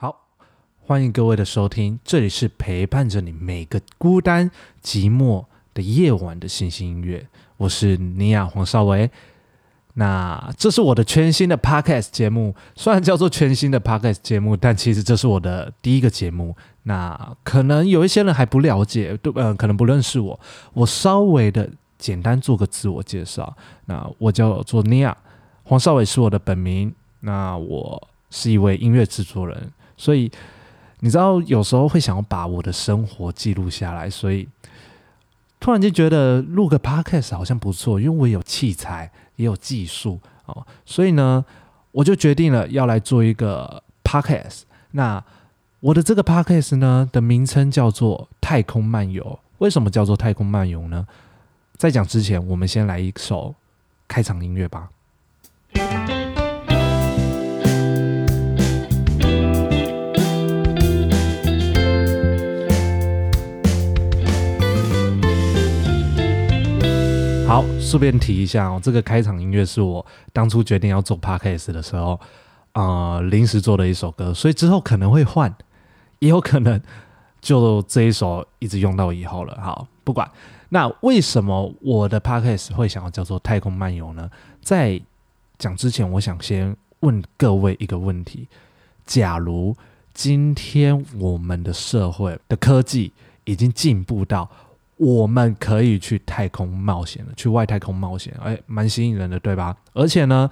好，歡迎各位的收聽，這裡是陪伴着你每個孤單寂寞的夜晚的行星音樂，我是尼亞黃少偉。那這是我的全新的 Podcast 節目，雖然叫做全新的 Podcast 節目，但其實這是我的第一個節目。那可能有一些人還不了解，對，嗯、呃，可能不認識我。我稍微的簡單做個自我介紹，那我叫做尼亞黃少偉是我的本名。那我是一位音樂製作人。所以，你知道有時候會想要把我的生活記錄下來，所以突然間覺得錄個 podcast 好像不錯，因為我有器材，也有技術哦，所以呢，我就決定了要來做一個 podcast。那我的這個 podcast 呢的名稱叫做《太空漫遊》。為什麼叫做《太空漫遊》呢？在講之前，我們先來一首開場音樂吧。好，順便提一下哦，這個開場音樂是我當初決定要做 podcast 的時候，呃，臨時做的一首歌，所以之後可能會換，也有可能就這一首一直用到以後了。好，不管。那為什麼我的 podcast 會想要叫做太空漫遊呢？在講之前，我想先問各位一個問題，假如今天我們的社會的科技已經進步到，我們可以去太空冒險了，去外太空冒險，哎、欸，蠻吸引人的，對吧？而且呢，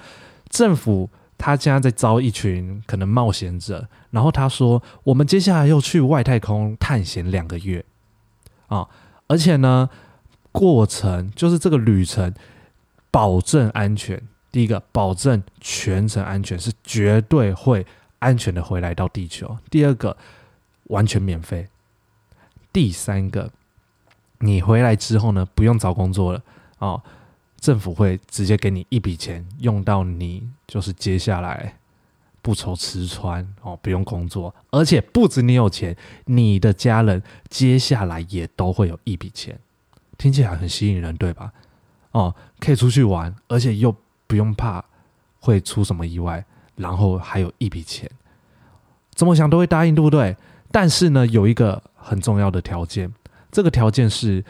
政府他家在招一群可能冒險者，然後他說，我們接下來要去外太空探險兩個月，啊、哦！而且呢，過程就是這個旅程，保證安全。第一個，保證全程安全，是絕對會安全的回來到地球。第二個，完全免費。第三個。你回來之後呢，不用找工作了哦，政府會直接給你一筆錢，用到你就是接下來不愁吃穿哦，不用工作，而且不止你有錢，你的家人接下來也都會有一筆錢。聽起來很吸引人，對吧？哦，可以出去玩，而且又不用怕會出什麼意外，然後還有一筆錢，怎麼想都會答應，對不對？但是呢，有一個很重要的條件。這個條件是，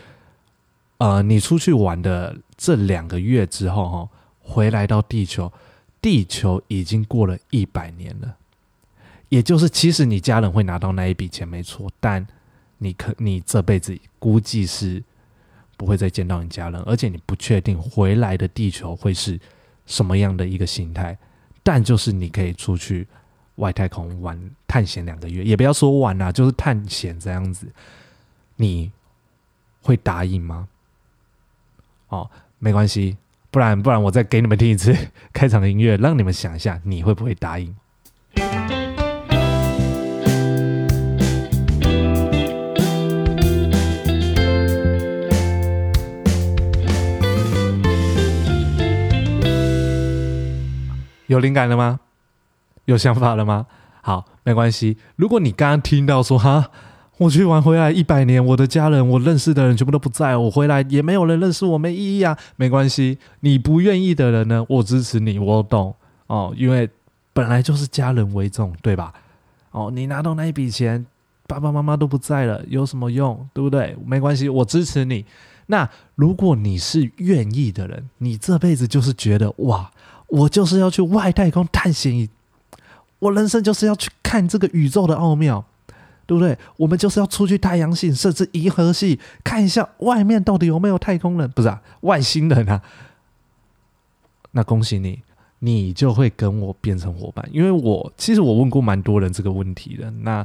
呃，你出去玩的這兩個月之後，哦，哈，回來到地球，地球已經過了一百年了。也就是，其實你家人會拿到那一筆錢，沒錯，但你可你這輩子估計是不會再見到你家人，而且你不確定回來的地球會是什麼樣的一個形態。但就是你可以出去外太空玩探險兩個月，也不要說玩啊，就是探險這樣子，你。會答應嗎？哦，沒關係，不然不然我再給你們聽一次開場的音樂，讓你們想一下，你會不會答應？嗯、有靈感了嗎？有想法了嗎？好，沒關係。如果你剛剛聽到說哈。我去玩回來一百年，我的家人、我認識的人全部都不在，我回來也沒有人認識我，沒意義啊。沒關係，你不願意的人呢，我支持你，我懂哦。因為本來就是家人為重，對吧？哦，你拿到那一筆錢，爸爸媽媽都不在了，有什麼用，對不對？沒關係，我支持你。那如果你是願意的人，你這輩子就是覺得哇，我就是要去外太空探險，我人生就是要去看這個宇宙的奧妙。對不對？我們就是要出去太陽系，甚至銀河系，看一下外面到底有沒有太空人，不是啊，外星人啊。那恭喜你，你就會跟我變成夥伴，因為我其實我問過蠻多人這個問題的，那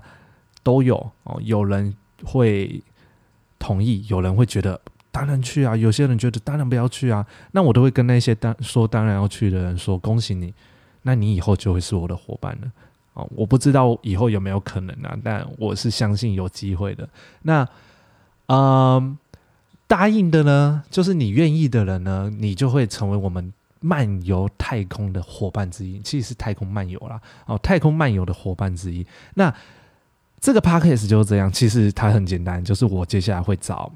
都有哦，有人會同意，有人會覺得當然去啊，有些人覺得當然不要去啊，那我都會跟那些當說當然要去的人說，恭喜你，那你以後就會是我的夥伴了。哦、我不知道以後有沒有可能啊，但我是相信有機會的。那、呃，答應的呢，就是你願意的人呢，你就會成為我們漫遊太空的伙伴之一，其實是太空漫遊啦，哦，太空漫遊的伙伴之一。那這個 podcast 就是這樣，其實它很簡單，就是我接下來會找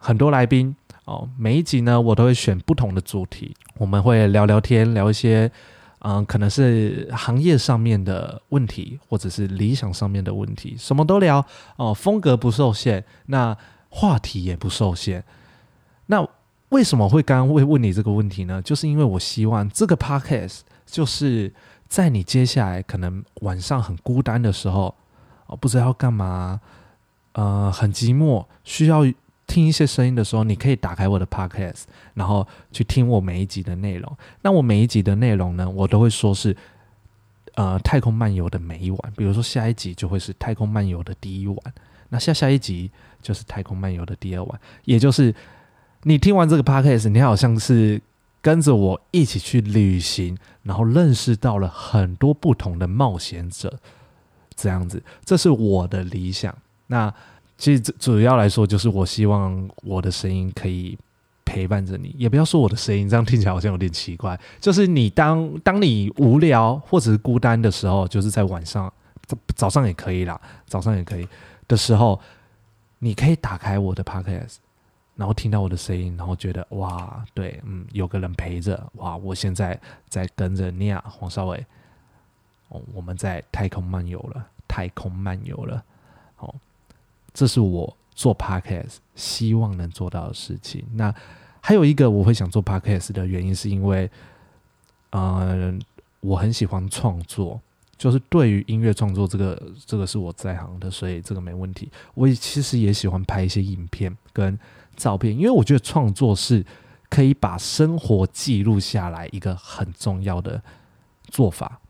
很多來賓哦，每一集呢，我都會選不同的主題，我們會聊聊天，聊一些。嗯、呃，可能是行業上面的問題，或者是理想上面的問題，什麼都聊哦、呃，風格不受限，那話題也不受限。那為什麼會剛剛會問你這個問題呢？就是因為我希望這個 podcast 就是在你接下來可能晚上很孤單的時候，哦、呃，不知道要幹嘛，呃，很寂寞，需要。聽一些聲音的時候，你可以打開我的 Podcast，然後去聽我每一集的內容。那我每一集的內容呢，我都會說是，呃，太空漫遊的每一晚。比如說下一集就會是太空漫遊的第一晚，那下下一集就是太空漫遊的第二晚。也就是你聽完這個 Podcast，你好像是跟着我一起去旅行，然後認識到了很多不同的冒險者，這樣子，這是我的理想。那。其實主要來說，就是我希望我的聲音可以陪伴着你。也不要說我的聲音，這樣聽起來好像有點奇怪。就是你當當你無聊或者是孤單的時候，就是在晚上，早上也可以啦，早上也可以的時候，你可以打開我的 Podcast，然後聽到我的聲音，然後覺得哇，對，嗯，有個人陪着。哇，我現在在跟着你啊，黃少偉。哦，我們在太空漫遊了，太空漫遊了。哦。這是我做 podcast 希望能做到的事情。那還有一個我會想做 podcast 的原因，是因為，嗯，我很喜歡創作，就是對於音樂創作這個，這個是我在行的，所以這個沒問題。我其實也喜歡拍一些影片跟照片，因為我覺得創作是可以把生活記錄下來一個很重要的做法。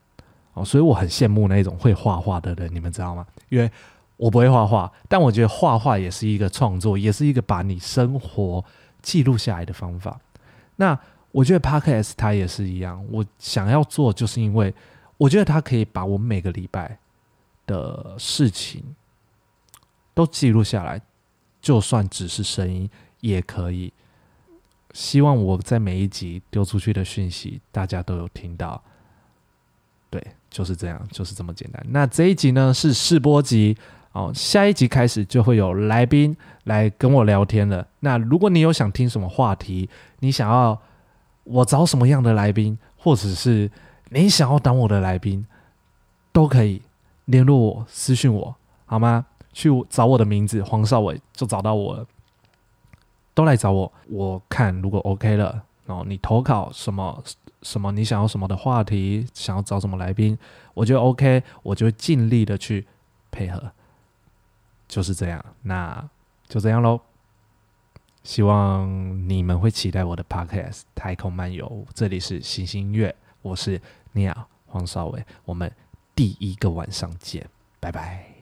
哦，所以我很羨慕那一種會畫畫的人，你們知道嗎？因為。我不會畫畫，但我覺得畫畫也是一個創作，也是一個把你生活記錄下來的方法。那我覺得 Park S 它也是一樣。我想要做，就是因為我覺得它可以把我每個禮拜的事情都記錄下來，就算只是聲音也可以。希望我在每一集丟出去的訊息，大家都有聽到。對，就是這樣，就是這麼簡單。那這一集呢，是試播集。哦，下一集開始就會有來賓來跟我聊天了。那如果你有想聽什麼話題，你想要我找什麼樣的來賓，或者是你想要當我的來賓，都可以聯絡我私訊我，好嗎？去找我的名字黃少偉就找到我了，都來找我，我看如果 OK 了，哦，你投稿什麼什麼，什麼你想要什麼的話題，想要找什麼來賓，我就 OK，我就會盡力的去配合。就是這樣，那就這樣嘍。希望你們會期待我的 podcast《太空漫遊》，這裡是行星音樂，我是 Nia 黃少偉，我們第一個晚上見，拜拜。